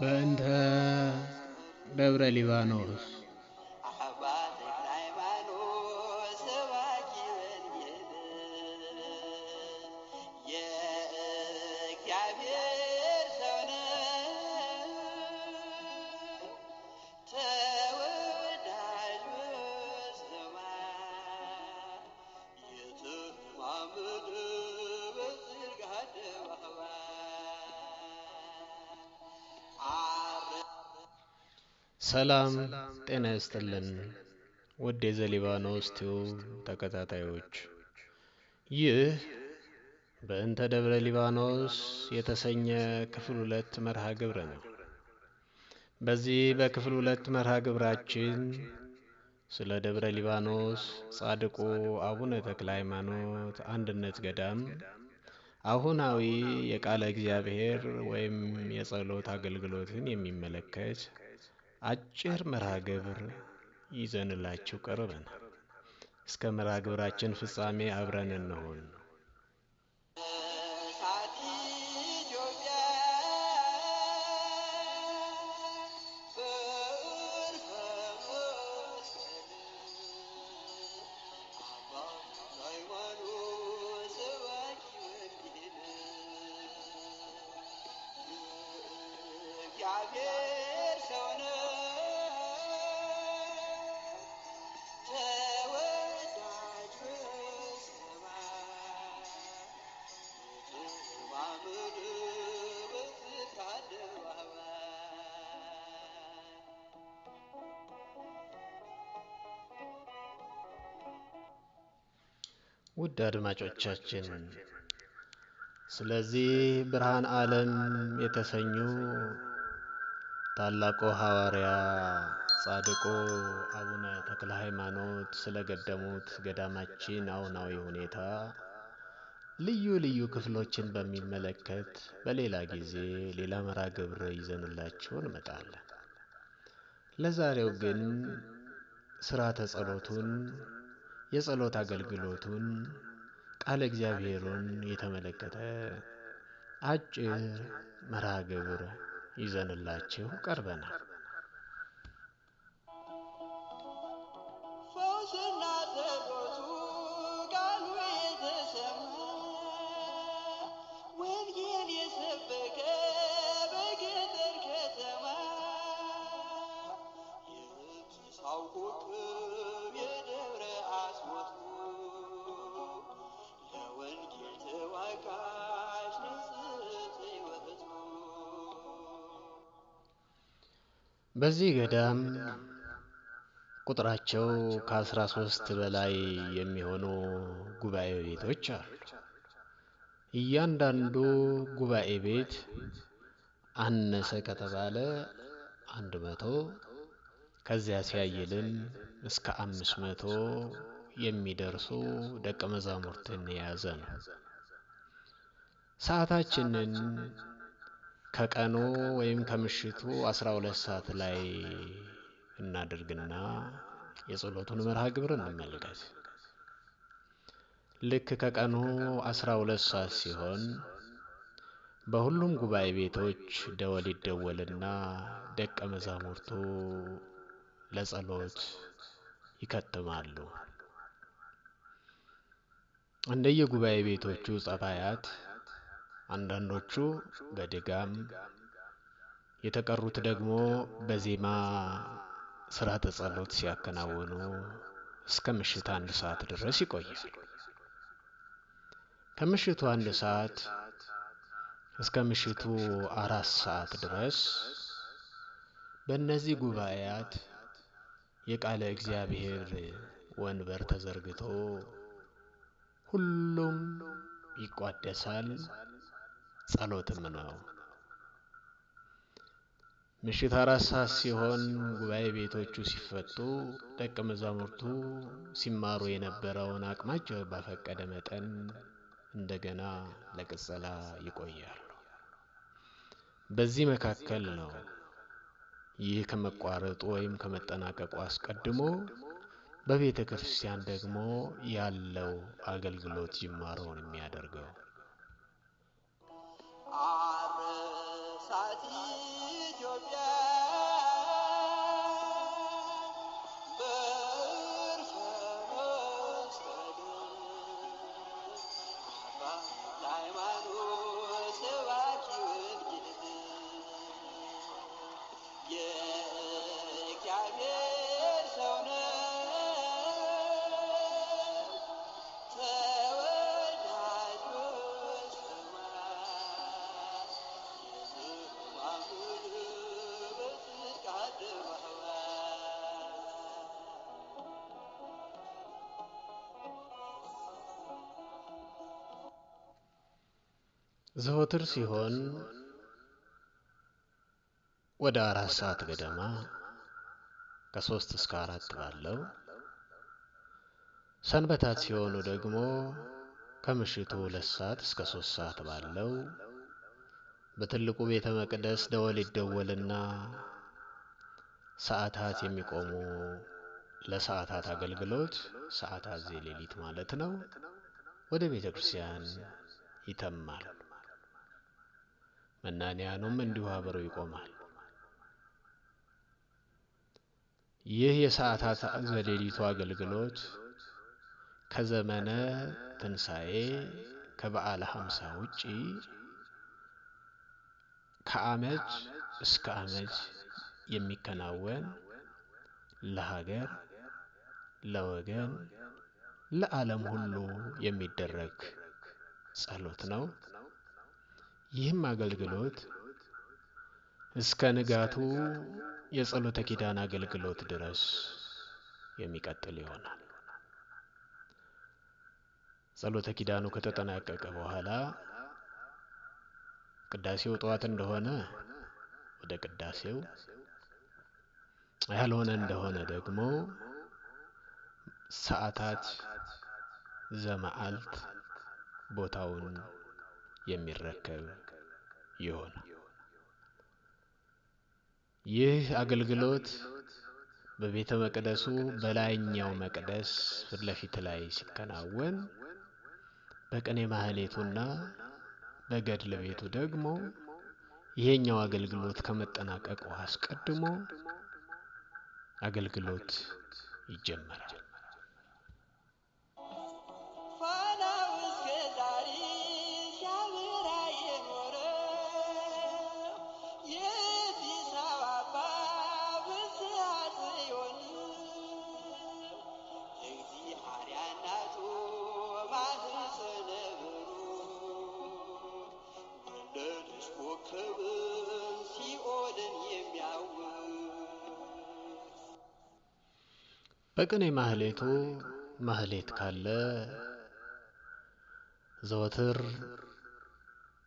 በእንተ ደብረ ሊባኖስ ሰላም ጤና ይስጥልን ውድ የዘሊባኖስ ቲዩብ ተከታታዮች፣ ይህ በእንተ ደብረ ሊባኖስ የተሰኘ ክፍል ሁለት መርሃ ግብር ነው። በዚህ በክፍል ሁለት መርሃ ግብራችን ስለ ደብረ ሊባኖስ ጻድቁ አቡነ ተክለ ሃይማኖት አንድነት ገዳም አሁናዊ የቃለ እግዚአብሔር ወይም የጸሎት አገልግሎትን የሚመለከት አጭር መርሃ ግብር ይዘንላችሁ ቀርበን እስከ መርሃ ግብራችን ፍጻሜ አብረን እንሆን። Yeah, ሰውነ ውድ አድማጮቻችን ስለዚህ ብርሃን ዓለም የተሰኙ ታላቁ ሐዋርያ ጻድቁ አቡነ ተክለ ሃይማኖት ስለገደሙት ገዳማችን አሁናዊ ሁኔታ ልዩ ልዩ ክፍሎችን በሚመለከት በሌላ ጊዜ ሌላ መራ ግብር ይዘንላችሁ እንመጣለን። ለዛሬው ግን ስራ ተጸሎቱን የጸሎት አገልግሎቱን ቃለ እግዚአብሔሩን የተመለከተ አጭር መርሃ ግብር ይዘንላችሁ ቀርበናል። በዚህ ገዳም ቁጥራቸው ከአስራ ሶስት በላይ የሚሆኑ ጉባኤ ቤቶች አሉ። እያንዳንዱ ጉባኤ ቤት አነሰ ከተባለ አንድ መቶ ከዚያ ሲያይልም እስከ አምስት መቶ የሚደርሱ ደቀ መዛሙርትን የያዘ ነው። ሰዓታችንን ከቀኑ ወይም ከምሽቱ አስራ ሁለት ሰዓት ላይ እናደርግና የጸሎቱን መርሃ ግብር እንመልከት። ልክ ከቀኑ አስራ ሁለት ሰዓት ሲሆን በሁሉም ጉባኤ ቤቶች ደወል ይደወልና ደቀ መዛሙርቱ ለጸሎት ይከትማሉ። እንደየ ጉባኤ ቤቶቹ ጸባያት አንዳንዶቹ በድጋም የተቀሩት ደግሞ በዜማ ስርዓተ ጸሎት ሲያከናውኑ እስከ ምሽት አንድ ሰዓት ድረስ ይቆያል። ከምሽቱ አንድ ሰዓት እስከ ምሽቱ አራት ሰዓት ድረስ በእነዚህ ጉባኤያት የቃለ እግዚአብሔር ወንበር ተዘርግቶ ሁሉም ይቋደሳል። ጸሎትም ነው። ምሽት አራት ሰዓት ሲሆን ጉባኤ ቤቶቹ ሲፈቱ ደቀ መዛሙርቱ ሲማሩ የነበረውን አቅማቸው ባፈቀደ መጠን እንደገና ለቅጸላ ይቆያሉ። በዚህ መካከል ነው ይህ ከመቋረጡ ወይም ከመጠናቀቁ አስቀድሞ በቤተ ክርስቲያን ደግሞ ያለው አገልግሎት ጅማሮውን የሚያደርገው። ar ዘወትር ሲሆን ወደ አራት ሰዓት ገደማ ከሶስት እስከ አራት ባለው ሰንበታት ሲሆኑ ደግሞ ከምሽቱ ሁለት ሰዓት እስከ ሶስት ሰዓት ባለው በትልቁ ቤተ መቅደስ ደወል ይደወልና ሰዓታት የሚቆሙ ለሰዓታት አገልግሎት ሰዓታት ዘሌሊት ማለት ነው ወደ ቤተ ክርስቲያን ይተማል። መናንያኑም እንዲሁ አብረው ይቆማል። ይህ የሰዓታት ዘሌሊቱ አገልግሎት ከዘመነ ትንሣኤ ከበዓለ ሀምሳ ውጪ ከአመት እስከ አመት የሚከናወን ለሀገር፣ ለወገን፣ ለዓለም ሁሉ የሚደረግ ጸሎት ነው። ይህም አገልግሎት እስከ ንጋቱ የጸሎተ ኪዳን አገልግሎት ድረስ የሚቀጥል ይሆናል። ጸሎተ ኪዳኑ ከተጠናቀቀ በኋላ ቅዳሴው ጠዋት እንደሆነ ወደ ቅዳሴው ያልሆነ እንደሆነ ደግሞ ሰዓታት ዘመዓልት ቦታውን የሚረከብ ይሆናል። ይህ አገልግሎት በቤተ መቅደሱ በላይኛው መቅደስ ፊት ለፊት ላይ ሲከናወን በቅኔ ማህሌቱና በገድል ቤቱ ደግሞ ይሄኛው አገልግሎት ከመጠናቀቁ አስቀድሞ አገልግሎት ይጀመራል። በቅኔ ማህሌቱ ማህሌት ካለ ዘወትር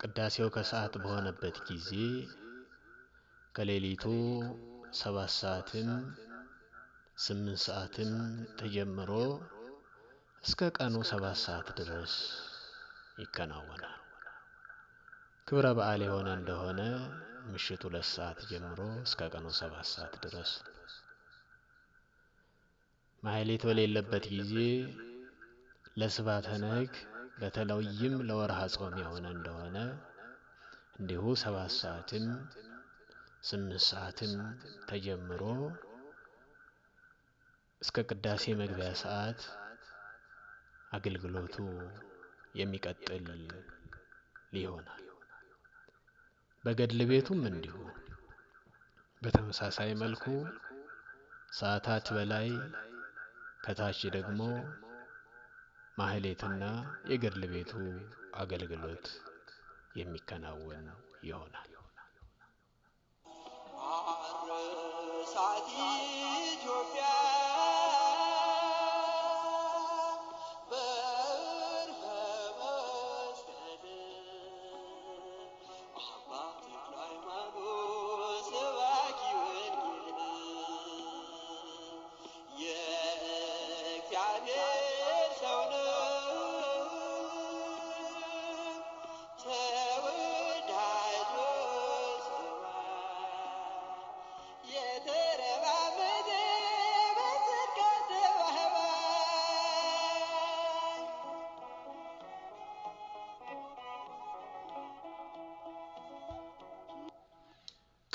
ቅዳሴው ከሰዓት በሆነበት ጊዜ ከሌሊቱ ሰባት ሰዓትም ስምንት ሰዓትም ተጀምሮ እስከ ቀኑ ሰባት ሰዓት ድረስ ይከናወናል። ክብረ በዓል የሆነ እንደሆነ ምሽቱ ሁለት ሰዓት ጀምሮ እስከ ቀኑ ሰባት ሰዓት ድረስ ማህሌት በሌለበት ጊዜ ለስባተ ነግ በተለይም ለወርሃ ጾም የሆነ እንደሆነ እንዲሁ ሰባት ሰዓትም ስምንት ሰዓትም ተጀምሮ እስከ ቅዳሴ መግቢያ ሰዓት አገልግሎቱ የሚቀጥል ይሆናል። በገድል ቤቱም እንዲሁ በተመሳሳይ መልኩ ሰዓታት በላይ ከታች ደግሞ ማህሌትና የገድል ቤቱ አገልግሎት የሚከናወን ይሆናል። ኢትዮጵያ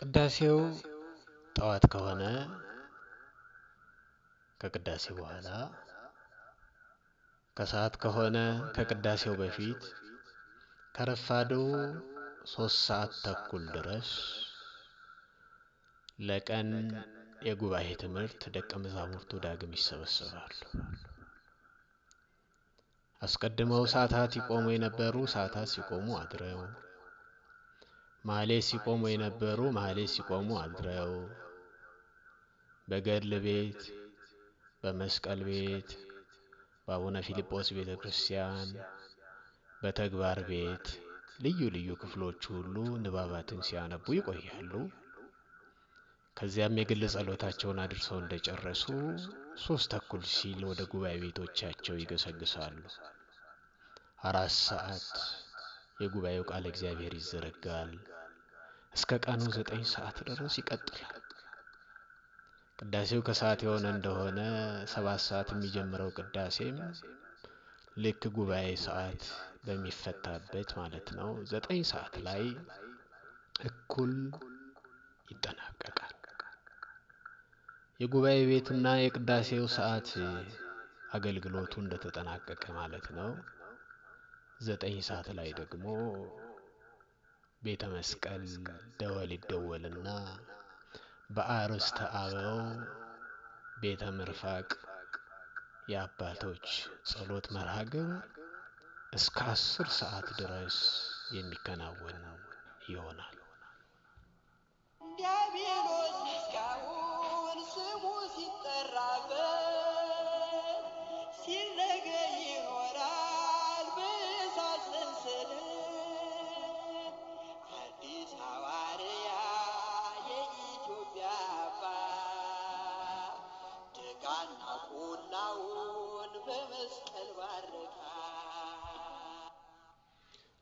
ቅዳሴው ጠዋት ከሆነ ከቅዳሴው በኋላ፣ ከሰዓት ከሆነ ከቅዳሴው በፊት፣ ከረፋዱ ሶስት ሰዓት ተኩል ድረስ ለቀን የጉባኤ ትምህርት ደቀ መዛሙርቱ ዳግም ይሰበሰባሉ። አስቀድመው ሰዓታት ይቆሙ የነበሩ ሰዓታት ሲቆሙ አድረው ማሌ ሲቆሙ የነበሩ ማሌ ሲቆሙ አድረው በገድል ቤት፣ በመስቀል ቤት፣ በአቡነ ፊልጶስ ቤተ ክርስቲያን፣ በተግባር ቤት ልዩ ልዩ ክፍሎች ሁሉ ንባባትን ሲያነቡ ይቆያሉ። ከዚያም የግል ጸሎታቸውን አድርሰው እንደጨረሱ ሶስት ተኩል ሲል ወደ ጉባኤ ቤቶቻቸው ይገሰግሳሉ። አራት ሰዓት የጉባኤው ቃል እግዚአብሔር ይዘረጋል። እስከ ቀኑ ዘጠኝ ሰዓት ድረስ ይቀጥላል። ቅዳሴው ከሰዓት የሆነ እንደሆነ ሰባት ሰዓት የሚጀምረው ቅዳሴም ልክ ጉባኤ ሰዓት በሚፈታበት ማለት ነው ዘጠኝ ሰዓት ላይ እኩል ይጠናቀቃል። የጉባኤ ቤትና የቅዳሴው ሰዓት አገልግሎቱ እንደተጠናቀቀ ማለት ነው። ዘጠኝ ሰዓት ላይ ደግሞ ቤተ መስቀል ደወል ይደወልና በአርስተ አበው ቤተ ምርፋቅ የአባቶች ጸሎት መርሃ ግብር እስከ አስር ሰዓት ድረስ የሚከናወን ይሆናል።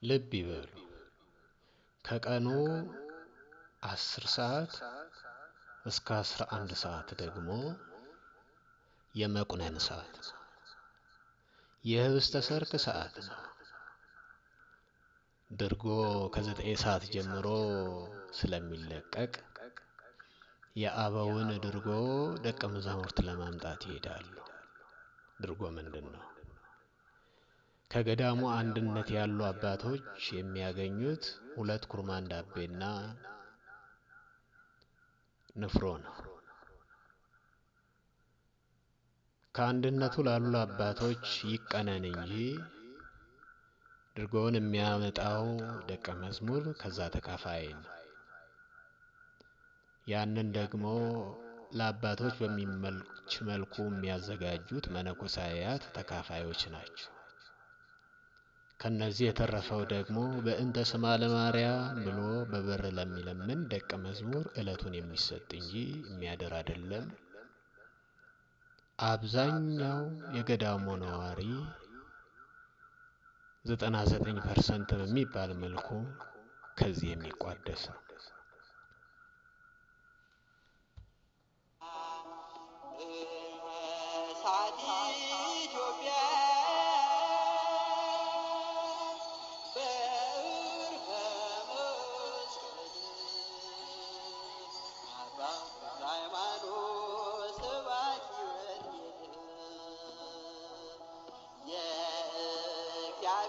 ልብ ይበሉ ከቀኑ አስር ሰዓት እስከ አስራ ሰዓት ደግሞ የመቁነን ሰዓት የህብስተ ሰርክ ሰዓት ነው። ድርጎ ከዘጠኝ ሰዓት ጀምሮ ስለሚለቀቅ የአበውን ድርጎ ደቀ መዛሙርት ለማምጣት ይሄዳሉ። ድርጎ ምንድን ነው? ከገዳሙ አንድነት ያሉ አባቶች የሚያገኙት ሁለት ኩርማን ዳቤና ንፍሮ ነው። ከአንድነቱ ላሉ አባቶች ይቀነን እንጂ ድርጎውን የሚያመጣው ደቀ መዝሙር ከዛ ተካፋይ ነው። ያንን ደግሞ ለአባቶች በሚመች መልኩ የሚያዘጋጁት መነኮሳያት ተካፋዮች ናቸው። ከነዚህ የተረፈው ደግሞ በእንተ ስማ ለማርያም ብሎ በበር ለሚለምን ደቀ መዝሙር እለቱን የሚሰጥ እንጂ የሚያደር አይደለም። አብዛኛው የገዳሙ ነዋሪ ዘጠና ዘጠኝ ፐርሰንት በሚባል መልኩ ከዚህ የሚቋደስ ነው።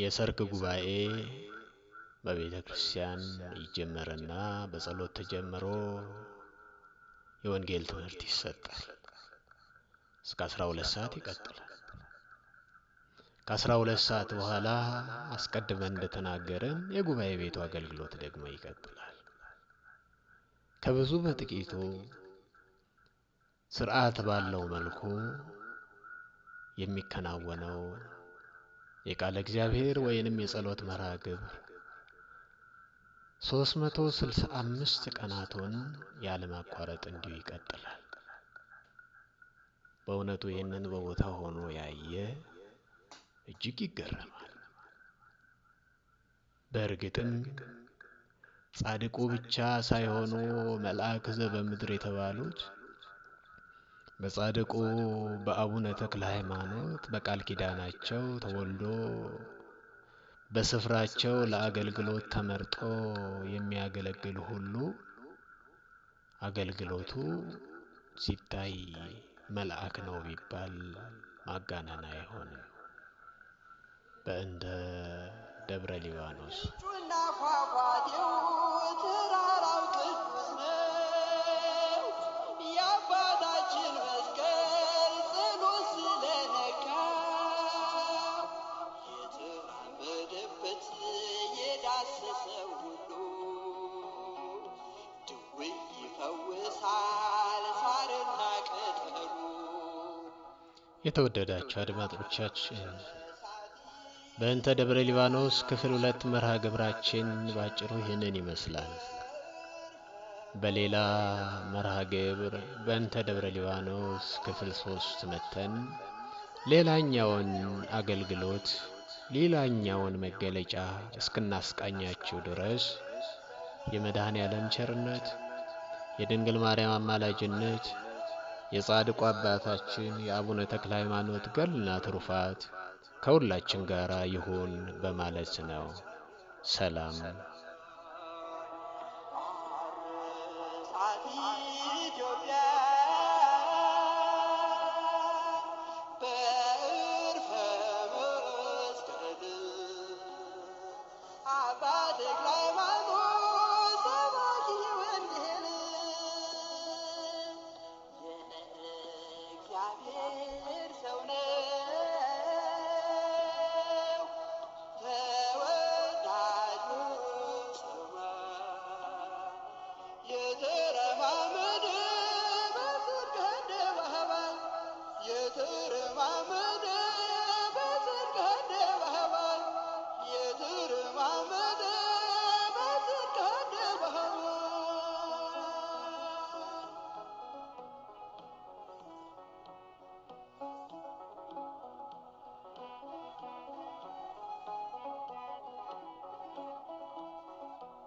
የሰርክ ጉባኤ በቤተ ክርስቲያን ይጀመርና በጸሎት ተጀምሮ የወንጌል ትምህርት ይሰጣል። እስከ አስራ ሁለት ሰዓት ይቀጥላል። ከአስራ ሁለት ሰዓት በኋላ አስቀድመን እንደተናገርን የጉባኤ ቤቱ አገልግሎት ደግሞ ይቀጥላል። ከብዙ በጥቂቱ ስርዓት ባለው መልኩ የሚከናወነው የቃለ እግዚአብሔር ወይንም የጸሎት መርሃ ግብር 365 ቀናቱን ያለማቋረጥ እንዲሁ ይቀጥላል። በእውነቱ ይህንን በቦታ ሆኖ ያየ እጅግ ይገረማል። በእርግጥም ጻድቁ ብቻ ሳይሆኑ መልአክ ዘበምድር የተባሉት በጻድቁ በአቡነ ተክለ ሃይማኖት በቃል ኪዳናቸው ተወልዶ በስፍራቸው ለአገልግሎት ተመርጦ የሚያገለግል ሁሉ አገልግሎቱ ሲታይ መልአክ ነው ቢባል ማጋነን አይሆንም። በእንደ ደብረ ሊባኖስ የተወደዳቸው አድማጮቻችን በእንተ ደብረ ሊባኖስ ክፍል ሁለት መርሃ ግብራችን ባጭሩ ይህንን ይመስላል። በሌላ መርሃ ግብር በእንተ ደብረ ሊባኖስ ክፍል ሶስት መተን ሌላኛውን አገልግሎት ሌላኛውን መገለጫ እስክናስቃኛችሁ ድረስ የመድኃኔ ዓለም ቸርነት የድንግል ማርያም አማላጅነት የጻድቁ አባታችን የአቡነ ተክለ ሃይማኖት ገድልና ትሩፋት ከሁላችን ጋር ይሁን በማለት ነው። ሰላም